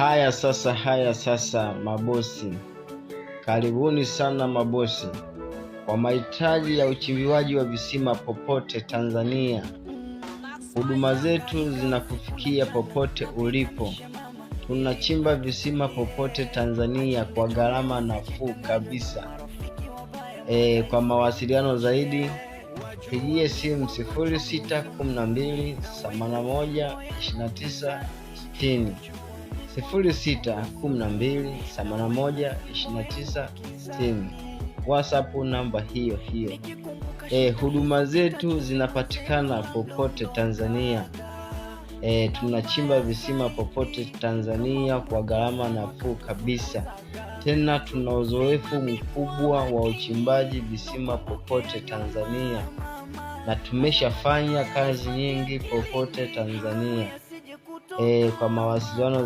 Haya sasa, haya sasa, mabosi, karibuni sana mabosi. Kwa mahitaji ya uchimbiwaji wa visima popote Tanzania, huduma zetu zinakufikia popote ulipo. Tunachimba visima popote Tanzania kwa gharama nafuu kabisa. E, kwa mawasiliano zaidi pigie simu 60 06 WhatsApp namba hiyo hiyo. E, huduma zetu zinapatikana popote Tanzania. E, tunachimba visima popote Tanzania kwa gharama nafuu kabisa. Tena tuna uzoefu mkubwa wa uchimbaji visima popote Tanzania na tumeshafanya kazi nyingi popote Tanzania. E, kwa mawasiliano